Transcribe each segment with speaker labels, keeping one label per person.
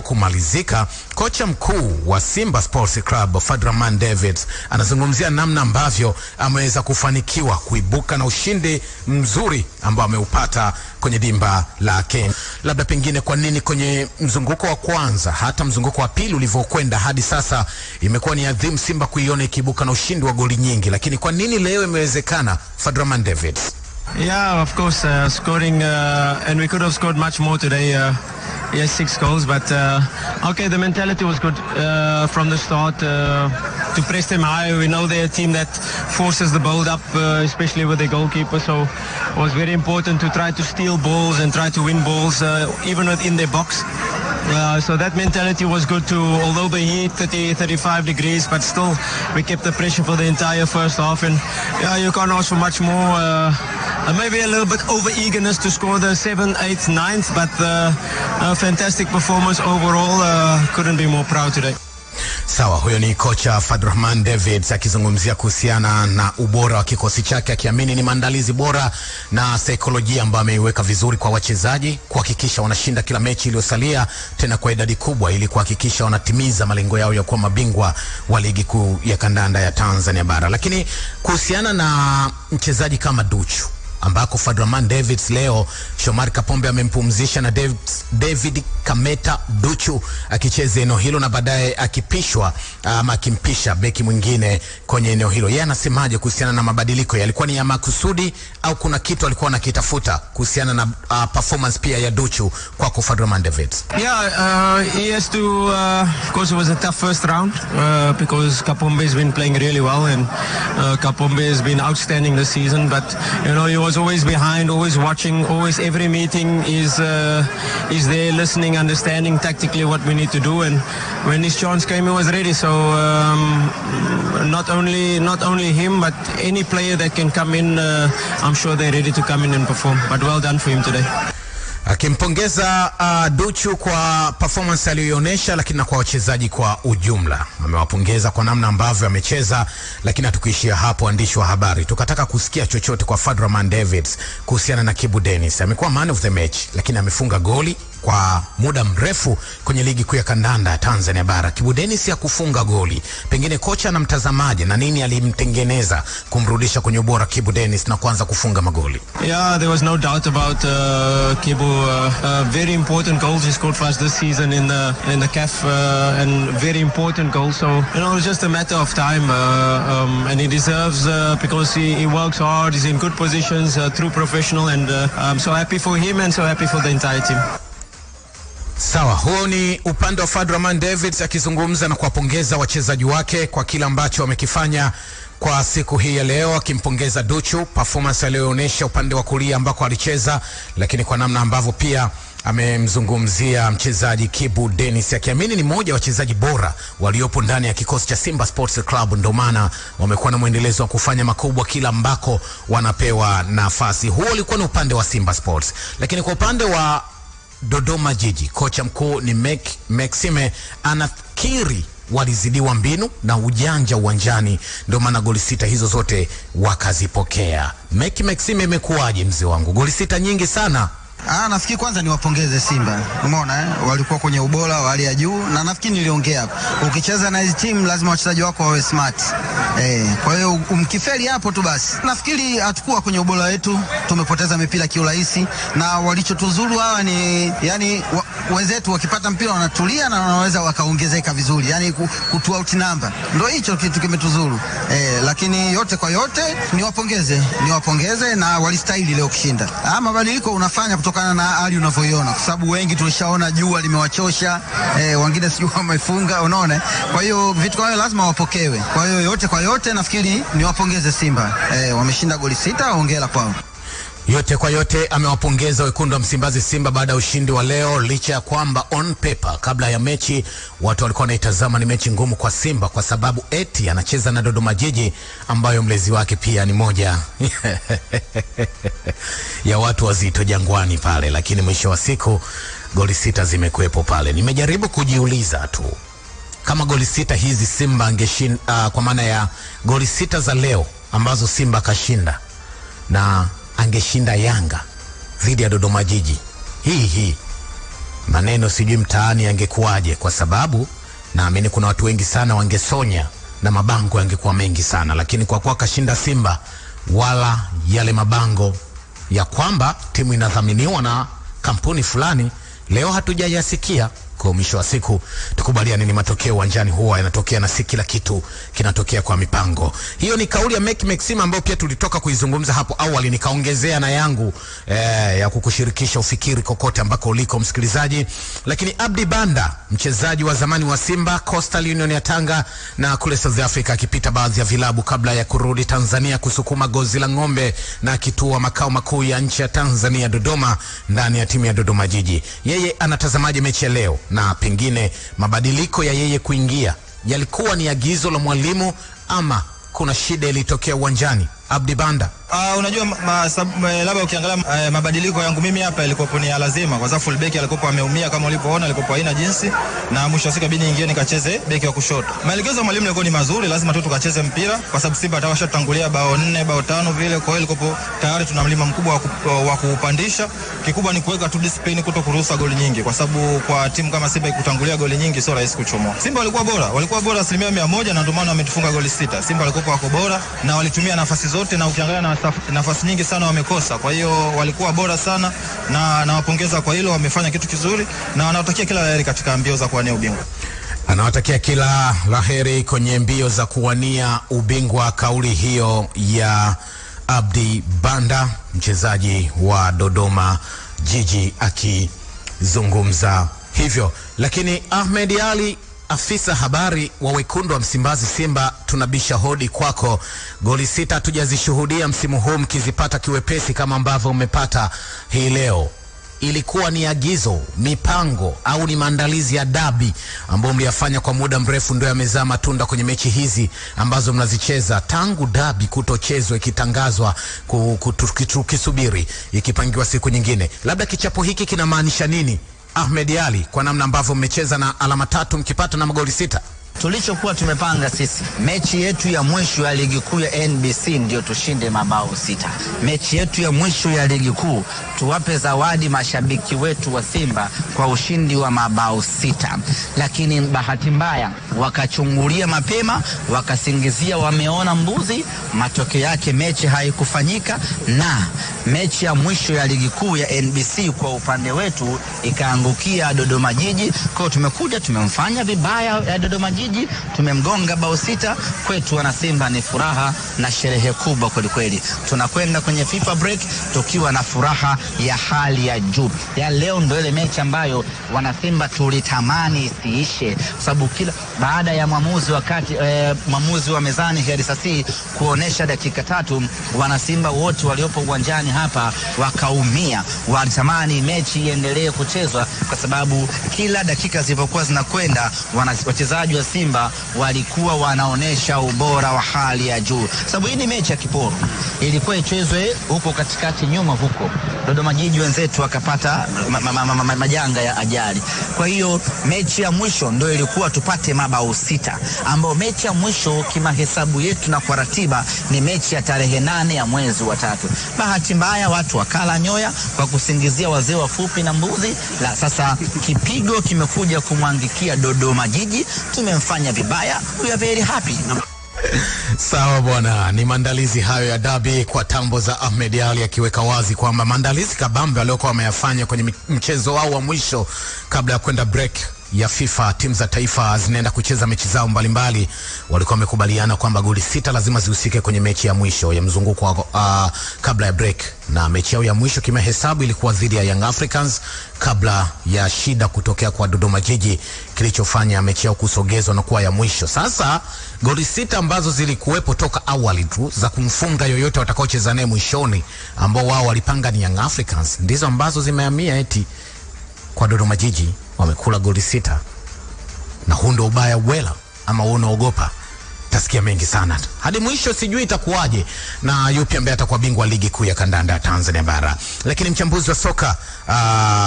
Speaker 1: kumalizika, kocha mkuu wa Simba Sports Club Fadraman Davids anazungumzia namna ambavyo ameweza kufanikiwa kuibuka na ushindi mzuri ambao ameupata kwenye dimba la Kenya. Labda pengine, kwa nini kwenye mzunguko wa kwanza hata mzunguko wa pili ulivyokwenda hadi sasa imekuwa ni adhimu Simba kuiona ikiibuka na ushindi wa goli nyingi, lakini kwa nini leo imewezekana? Fadraman Davids:
Speaker 2: Yeah, of course, uh, scoring, uh, and we could have scored much more today, uh... Yes, six goals. But uh, okay, the mentality was good uh, from the start uh, to press them high. We know they're a team that forces the build up, uh, especially with their goalkeeper. So it was very important to try to steal balls and try to win balls, uh, even within their box. Uh, so that mentality was good too, although the heat 30, 35 degrees, but still we kept the pressure for the entire first half. And yeah, you can't ask for much more. Uh, maybe a little bit over eagerness to score the 7 8 9 but uh, a fantastic performance overall. Uh, couldn't be more proud today.
Speaker 1: Sawa, huyo ni kocha Fadrahman david akizungumzia kuhusiana na ubora wa kikosi chake, akiamini ni maandalizi bora na saikolojia ambayo ameiweka vizuri kwa wachezaji kuhakikisha wanashinda kila mechi iliyosalia, tena kwa idadi kubwa, ili kuhakikisha wanatimiza malengo yao ya kuwa mabingwa wa ligi kuu ya kandanda ya Tanzania bara. Lakini kuhusiana na mchezaji kama Duchu ambako Fadraman Davids leo Shomari Kapombe amempumzisha na Davids, David Kameta Duchu akicheza eneo hilo na baadaye akipishwa ama akimpisha beki mwingine kwenye eneo hilo. Yeye anasemaje kuhusiana na mabadiliko? Yalikuwa ni ya makusudi au kuna kitu alikuwa anakitafuta kuhusiana na uh, performance pia ya Duchu kwa Fadraman Davids?
Speaker 2: Yeah, uh, he has to uh, of course it was a tough first round uh, because Kapombe has been playing really well and uh, Kapombe has been outstanding this season but you know you was always behind, always watching, always every meeting is uh, is there, listening, understanding tactically what we need to do. And when his chance came, he was ready. So um, not only not only him, but any player that can come in, uh, I'm sure they're ready to come in and perform. But well done for him today.
Speaker 1: akimpongeza uh, Duchu kwa performance aliyoonyesha, lakini na kwa wachezaji kwa ujumla. Amewapongeza kwa namna ambavyo amecheza, lakini hatukuishia hapo, waandishi wa habari. Tukataka kusikia chochote kwa Fadraman Davids kuhusiana na Kibu Dennis. Amekuwa man of the match, lakini amefunga goli kwa muda mrefu kwenye ligi kuu ya kandanda Tanzania bara. Kibu Dennis ya kufunga goli, pengine kocha na mtazamaji na nini alimtengeneza kumrudisha kwenye ubora Kibu Dennis na kuanza kufunga magoli.
Speaker 2: Yeah, there was no doubt about uh, Kibu uh, very important goals he scored for us this season in the in the CAF, uh, and very important goals. So you know, it's just a matter of time, uh, um, and he deserves uh, because he, he, works hard. He's in good positions, uh, true professional, and uh, I'm so happy for him and so happy for the entire team.
Speaker 1: Sawa, huo ni upande wa Fadraman Davids akizungumza na kuwapongeza wachezaji wake kwa kile ambacho wamekifanya kwa siku hii ya leo, akimpongeza Duchu performance aliyoonyesha upande wa kulia ambako alicheza, lakini kwa namna ambavyo pia amemzungumzia mchezaji Kibu Dennis akiamini ni mmoja wa wachezaji bora waliopo ndani ya kikosi cha Simba Sports Club, ndio maana wamekuwa na mwendelezo wa kufanya makubwa kila ambako wanapewa nafasi. Huo ulikuwa ni upande wa Simba Sports, lakini kwa upande wa Dodoma Jiji, kocha mkuu ni Maxime anakiri walizidiwa mbinu na ujanja uwanjani, ndio maana goli sita hizo zote wakazipokea. Meki Maxime, imekuwaje mzee wangu? Goli sita nyingi sana.
Speaker 3: Ah, nafikiri kwanza niwapongeze Simba. Umeona eh? Walikuwa kwenye ubora wa hali ya juu na nafikiri niliongea hapo. Ukicheza na hizi timu lazima wachezaji wako wawe smart. Eh, kwa hiyo umkifeli hapo tu basi. Nafikiri hatukuwa kwenye ubora wetu, tumepoteza mipira kiurahisi na walichotuzuru hawa ni yani wa, wenzetu wakipata mpira wanatulia na wanaweza wakaongezeka vizuri. Yani kutu out number. Ndio hicho kitu kimetuzuru. Eh, lakini yote kwa yote niwapongeze, niwapongeze na walistahili leo kushinda. Ah, mabadiliko unafanya kutokana na hali unavyoiona, kwa sababu wengi tulishaona jua limewachosha eh, wengine sijui wamefunga, unaona. Kwa hiyo vitu kama hivyo lazima wapokewe. Kwa hiyo yote kwa yote, nafikiri niwapongeze Simba eh, wameshinda goli sita, hongera kwao.
Speaker 1: Yote kwa yote amewapongeza wekundu wa Msimbazi Simba baada ya ushindi wa leo, licha ya kwamba on paper, kabla ya mechi watu walikuwa wanaitazama ni mechi ngumu kwa Simba kwa sababu eti anacheza na Dodoma Jiji ambayo mlezi wake pia ni moja ya watu wazito Jangwani pale, lakini mwisho wa siku goli sita zimekuwepo pale. Nimejaribu kujiuliza tu kama goli sita hizi Simba angeshinda, uh, kwa maana ya goli sita za leo ambazo Simba kashinda na angeshinda Yanga dhidi ya Dodoma Jiji hii hii, maneno sijui mtaani yangekuwaje, kwa sababu naamini kuna watu wengi sana wangesonya na mabango yangekuwa mengi sana, lakini kwa kuwa kashinda Simba, wala yale mabango ya kwamba timu inadhaminiwa na kampuni fulani leo hatujayasikia kwa mwisho wa siku tukubaliane, ni matokeo uwanjani huwa yanatokea, na si kila kitu kinatokea kwa mipango. Hiyo ni kauli ya Mike Maxim ambayo pia tulitoka kuizungumza hapo awali, nikaongezea na yangu eh, ya kukushirikisha ufikiri kokote ambako uliko msikilizaji. Lakini Abdi Banda, mchezaji wa zamani wa Simba, Coastal Union ya Tanga na kule South Africa, akipita baadhi ya vilabu kabla ya kurudi Tanzania kusukuma gozi la ng'ombe na kituo makao makuu ya nchi ya Tanzania Dodoma, ndani ya timu ya Dodoma Jiji. Yeye anatazamaje mechi ya leo? na pengine mabadiliko ya yeye kuingia yalikuwa ni agizo la mwalimu ama kuna shida ilitokea uwanjani? Abdi Banda.
Speaker 4: Uh, unajua ma, ma, labda ukiangalia uh, mabadiliko yangu mimi hapa ilikuwa ni lazima, kwa sababu fullback alikuwa ameumia kama ulivyoona, alikuwa haina jinsi, na mwisho wa siku bidi ingie nikacheze beki wa kushoto. Maelekezo ya mwalimu yalikuwa ni mazuri, lazima tu tukacheze mpira, kwa sababu Simba atawasha tutangulia bao nne bao tano vile. Kwa hiyo ilikuwa tayari tuna mlima mkubwa wa kupandisha. Kikubwa ni kuweka tu discipline, kuto kuruhusa goli nyingi, kwa sababu kwa timu kama Simba ikutangulia goli nyingi sio rahisi kuchomoa. Simba walikuwa bora, walikuwa bora asilimia mia moja na ndio maana wametufunga goli sita. Simba walikuwa wako bora na walitumia nafasi zote, na ukiangalia na nafasi nyingi sana wamekosa, kwa hiyo walikuwa bora sana na nawapongeza kwa hilo, wamefanya kitu kizuri na nawatakia kila laheri katika mbio za kuwania ubingwa.
Speaker 1: Anawatakia kila laheri kwenye mbio za kuwania ubingwa. Kauli hiyo ya Abdi Banda, mchezaji wa Dodoma Jiji, akizungumza hivyo. Lakini Ahmed Ali Afisa habari wa wekundu wa Msimbazi Simba, tunabisha hodi kwako. Goli sita hatujazishuhudia msimu huu mkizipata kiwepesi kama ambavyo umepata hii leo. Ilikuwa ni agizo, mipango au ni maandalizi ya dabi ambayo mliyafanya kwa muda mrefu ndio yamezaa matunda kwenye mechi hizi ambazo mnazicheza tangu dabi kutochezwa, ikitangazwa, tukisubiri, ikipangiwa siku nyingine? Labda kichapo hiki kinamaanisha nini? Ahmed Ali kwa namna ambavyo mmecheza na alama tatu mkipata na magoli sita.
Speaker 5: Tulichokuwa tumepanga sisi, mechi yetu ya mwisho ya ligi kuu ya NBC ndio tushinde mabao sita. Mechi yetu ya mwisho ya ligi kuu tuwape zawadi mashabiki wetu wa Simba kwa ushindi wa mabao sita, lakini bahati mbaya wakachungulia mapema, wakasingizia wameona mbuzi. Matokeo yake mechi haikufanyika, na mechi ya mwisho ya ligi kuu ya NBC kwa upande wetu ikaangukia Dodoma Jiji. kwao tumekuja tumemfanya vibaya ya Dodoma Jiji jiji tumemgonga bao sita. Kwetu wana Simba ni furaha na sherehe kubwa kwelikweli. Tunakwenda kwenye FIFA break tukiwa na furaha ya hali ya juu. Ya leo ndio ile mechi ambayo wana Simba tulitamani isiishe, sababu kila baada ya mwamuzi wakati e, mwamuzi wa mezani Herisasi kuonesha dakika tatu, wana Simba wote waliopo uwanjani hapa wakaumia, walitamani mechi iendelee kuchezwa kwa sababu kila dakika zilivyokuwa zinakwenda, wachezaji wa Simba walikuwa wanaonyesha ubora wa hali ya juu, sababu hii ni mechi ya kiporo, ilikuwa ichezwe huko katikati nyuma huko. Dodoma Jiji wenzetu wakapata ma ma ma ma majanga ya ajali. Kwa hiyo mechi ya mwisho ndio ilikuwa tupate mabao sita, ambayo mechi ya mwisho kimahesabu yetu na kwa ratiba ni mechi ya tarehe nane ya mwezi wa tatu. Bahati mbaya watu wakala nyoya kwa kusingizia wazee wafupi na mbuzi la sasa sasa kipigo kimekuja kumwangikia Dodoma Jiji, tumemfanya vibaya, we are very happy.
Speaker 1: Sawa bwana, ni maandalizi hayo ya dabi kwa tambo za Ahmed Ali, akiweka wazi kwamba maandalizi kabambe aliyokuwa wameyafanya kwenye mchezo wao wa mwisho kabla ya kwenda break ya FIFA timu za taifa zinaenda kucheza mechi zao mbalimbali Walikuwa wamekubaliana kwamba goli sita lazima zihusike kwenye mechi ya mwisho ya mzunguko uh, kabla ya break, na mechi yao ya mwisho kimahesabu ilikuwa dhidi ya Young Africans kabla ya shida kutokea kwa Dodoma Jiji kilichofanya mechi yao kusogezwa na kuwa ya mwisho. Sasa goli sita ambazo zilikuwepo toka awali tu za kumfunga yoyote watakaocheza naye mwishoni, ambao wao walipanga ni Young Africans, ndizo ambazo zimehamia eti kwa Dodoma Jiji wamekula goli sita, na huu ndio ubaya wela, ama wewe unaogopa? Tasikia mengi sana hadi mwisho, sijui itakuwaje na yupi ambaye atakuwa bingwa ligi kuu ya kandanda ya Tanzania bara. Lakini mchambuzi wa soka uh,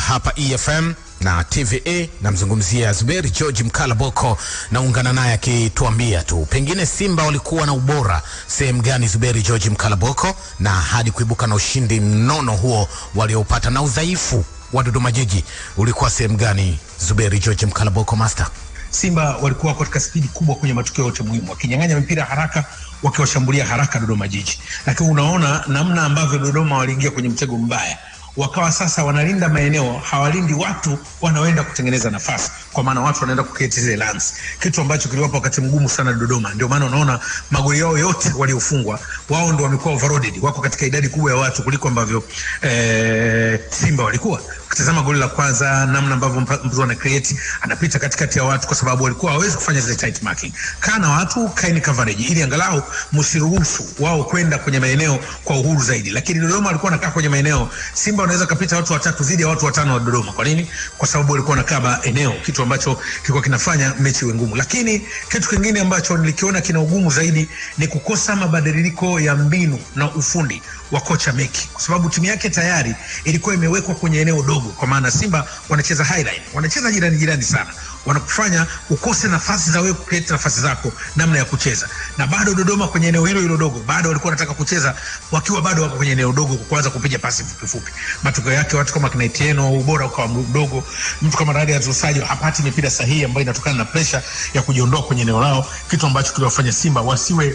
Speaker 1: hapa EFM na TVA namzungumzia Zuberi George Mkalaboko, naungana naye akituambia tu pengine Simba walikuwa na ubora sehemu gani, Zuberi George Mkalaboko, na hadi kuibuka na ushindi mnono huo walioupata na udhaifu wa Dodoma Jiji ulikuwa sehemu gani, Zuberi George Mkalaboko Master?
Speaker 6: Simba walikuwa katika spidi kubwa kwenye matukio yote muhimu, wakinyang'anya mipira haraka, wakiwashambulia haraka Dodoma Jiji, lakini unaona namna ambavyo Dodoma waliingia kwenye mtego mbaya wakawa sasa wanalinda maeneo, hawalindi watu wanaoenda kutengeneza nafasi, kwa maana watu wanaenda kuketi zile lance, kitu ambacho kiliwapa wakati mgumu sana Dodoma. Ndio maana unaona magoli yao yote waliofungwa wao ndio wamekuwa overloaded, wako katika idadi kubwa ya watu kuliko ambavyo ee, Simba walikuwa Ukitazama goli la kwanza, namna ambavyo mzu ana create anapita katikati ya watu, kwa sababu walikuwa hawezi kufanya zile tight marking. Kaa na watu, kaeni coverage, ili angalau msiruhusu wao kwenda kwenye maeneo kwa uhuru zaidi. Lakini Dodoma alikuwa anakaa kwenye maeneo, Simba wanaweza kapita watu watatu zidi ya watu watano wa Dodoma. Kwa nini? Kwa sababu walikuwa anakaa eneo, kitu ambacho kilikuwa kinafanya mechi iwe ngumu. Lakini kitu kingine ambacho nilikiona kina ugumu zaidi ni kukosa mabadiliko ya mbinu na ufundi wa kocha Meki, kwa sababu timu yake tayari ilikuwa imewekwa kwenye eneo dogo kidogo, kwa maana Simba wanacheza highline, wanacheza jirani jirani sana, wanakufanya ukose nafasi za wewe kucreate nafasi zako, namna ya kucheza. Na bado Dodoma kwenye eneo hilo hilo dogo, bado walikuwa wanataka kucheza wakiwa bado wako kwenye eneo dogo, kuanza kupiga pasi fupi fupi. Matokeo yake watu kama Knaitieno, ubora ukawa mdogo, mtu kama Radi Azusaji hapati mipira sahihi ambayo inatokana na pressure ya kujiondoa kwenye eneo lao, kitu ambacho kiliwafanya Simba wasiwe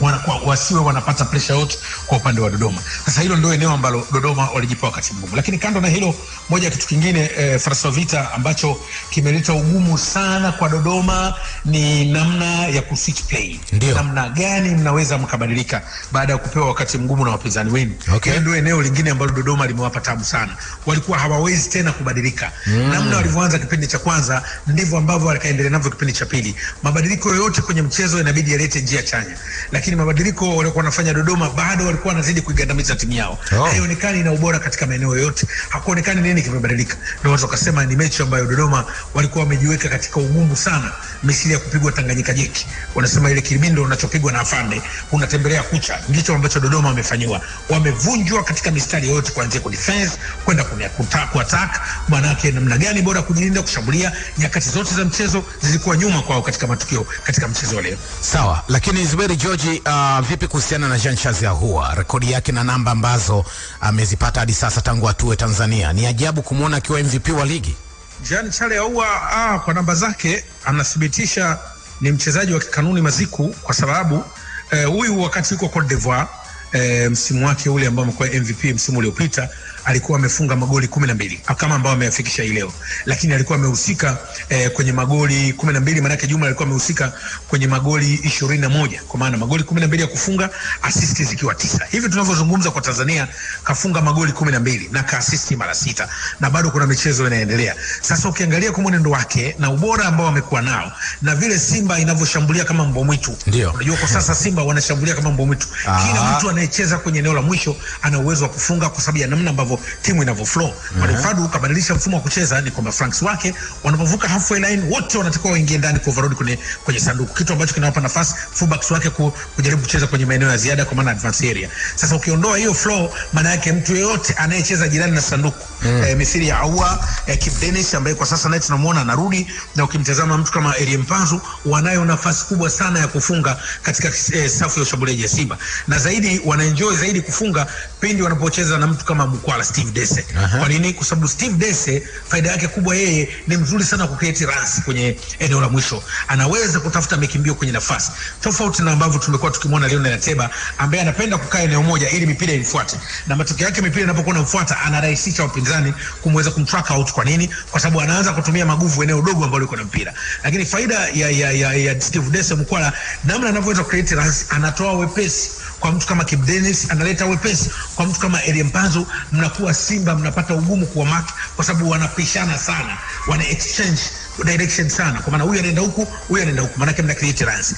Speaker 6: wana, wasiwe wanapata presha yote kwa upande wa Dodoma. Sasa hilo ndio eneo ambalo Dodoma walijipa wakati mgumu, lakini kando na hilo, moja ya kitu kingine e, Vita ambacho kimeleta ugumu sana kwa Dodoma ni namna ya kuswitch play. Ndiyo. namna gani mnaweza mkabadilika baada ya kupewa wakati mgumu na wapinzani wenu. Okay. Ndio eneo lingine ambalo Dodoma limewapa tabu sana, walikuwa hawawezi tena kubadilika. Mm. Namna walivyoanza kipindi cha kwanza ndivyo ambavyo walikaendelea navyo kipindi cha pili. Mabadiliko yoyote kwenye mchezo inabidi yalete njia chanya, lakini lakini mabadiliko waliokuwa wanafanya Dodoma bado walikuwa wanazidi kuigandamiza timu yao. Oh. Haionekani ina ubora katika maeneo yote, hakuonekani nini kimebadilika. Ndio watu wakasema ni mechi ambayo Dodoma walikuwa wamejiweka katika ugumu sana, misili ya kupigwa Tanganyika jeki. Wanasema ile kilimindo unachopigwa na afande unatembelea kucha, ndicho ambacho Dodoma wamefanyiwa. Wamevunjwa katika mistari yote, kuanzia ku defense kwenda ku attack. Maana yake namna gani bora kujilinda, kushambulia, nyakati zote za mchezo zilikuwa nyuma kwao katika matukio katika mchezo leo.
Speaker 1: Sawa, lakini Zuberi George uh, vipi kuhusiana na Jean Shazia Ahoua, rekodi yake na namba ambazo amezipata hadi sasa tangu atue Tanzania? Ni ajabu kumwona akiwa MVP wa ligi.
Speaker 7: Jean Charles Ahoua ah, kwa namba zake anathibitisha ni mchezaji wa kikanuni maziku, kwa sababu eh, huyu eh, wakati yuko Cote d'Ivoire eh, msimu wake ule ambao amekuwa MVP msimu uliopita alikuwa amefunga magoli kumi na mbili kama ambao ameyafikisha hii leo, lakini alikuwa amehusika eh, kwenye magoli kumi na mbili maanake jumla alikuwa amehusika kwenye magoli ishirini na moja kwa maana magoli kumi na mbili ya kufunga, asisti zikiwa tisa. Hivi tunavyozungumza kwa Tanzania kafunga magoli kumi na mbili na kaasisti mara sita, na bado kuna michezo inaendelea. Sasa ukiangalia kwa mwenendo wake na ubora ambao amekuwa nao na vile Simba inavyoshambulia kama mbwa mwitu, unajua kwa sasa Simba wanashambulia kama mbwa mwitu, ah. kila mtu anayecheza kwenye eneo la mwisho ana uwezo wa kufunga kwa sababu ya namna ambavyo ambavyo timu inavyo flow. Malimradi kabadilisha mfumo wa kucheza, ni kwamba Franks wake wanapovuka halfway line wote wanatakiwa waingie ndani kwa overload kwenye, kwenye sanduku, kitu ambacho kinawapa nafasi fullbacks wake ku, kujaribu kucheza kwenye maeneo ya ziada, kwa maana advance area. Sasa ukiondoa hiyo flow, maana yake mtu yeyote anayecheza jirani na sanduku mm. eh, misiri ya Aua eh, Kip Dennis ambaye kwa sasa naye tunamuona anarudi, na ukimtazama mtu kama Elie Mpanzu, wanayo nafasi kubwa sana ya kufunga katika eh, safu ya ushambuliaji ya Simba, na zaidi wanaenjoy zaidi kufunga pindi wanapocheza na mtu kama Mkwa la Steve Dese. Kwa nini? Kwa sababu Steve Dese faida yake kubwa, yeye ni mzuri sana ku create runs kwenye eneo la mwisho, anaweza kutafuta mikimbio kwenye nafasi, tofauti na ambavyo tumekuwa tukimwona Lionel Ateba ambaye anapenda kukaa eneo moja ili mipira imfuate, na matokeo yake mipira inapokuwa inamfuata anarahisisha wapinzani kumweza kumtrack out. Kwa nini? Kwa sababu anaanza kutumia maguvu eneo dogo ambalo liko na mpira, lakini faida ya ya ya, ya Steve Dese Mkwala, namna anavyoweza create runs, anatoa wepesi kwa mtu kama Kibu Denis analeta wepesi, kwa mtu kama Elie Mpanzu mnakuwa Simba mnapata ugumu kuwa mark kwa sababu wanapishana sana, wana exchange direction sana, kwa maana huyu anaenda huku, huyu anaenda huku, maanake mna create runs.